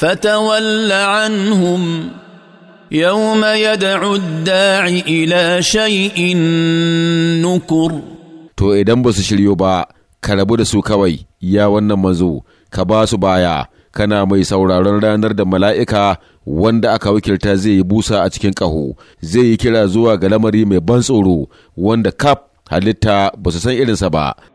فتول عنهم يوم يدعو الداع إلى شيء نكر to idan ba su shiryo ba ka rabu da su kawai ya wannan manzo ka ba su baya kana mai sauraron ranar da mala'ika wanda aka wakilta zai yi busa a cikin ƙaho zai yi kira zuwa ga lamari mai ban tsoro wanda kaf halitta ba su san irinsa ba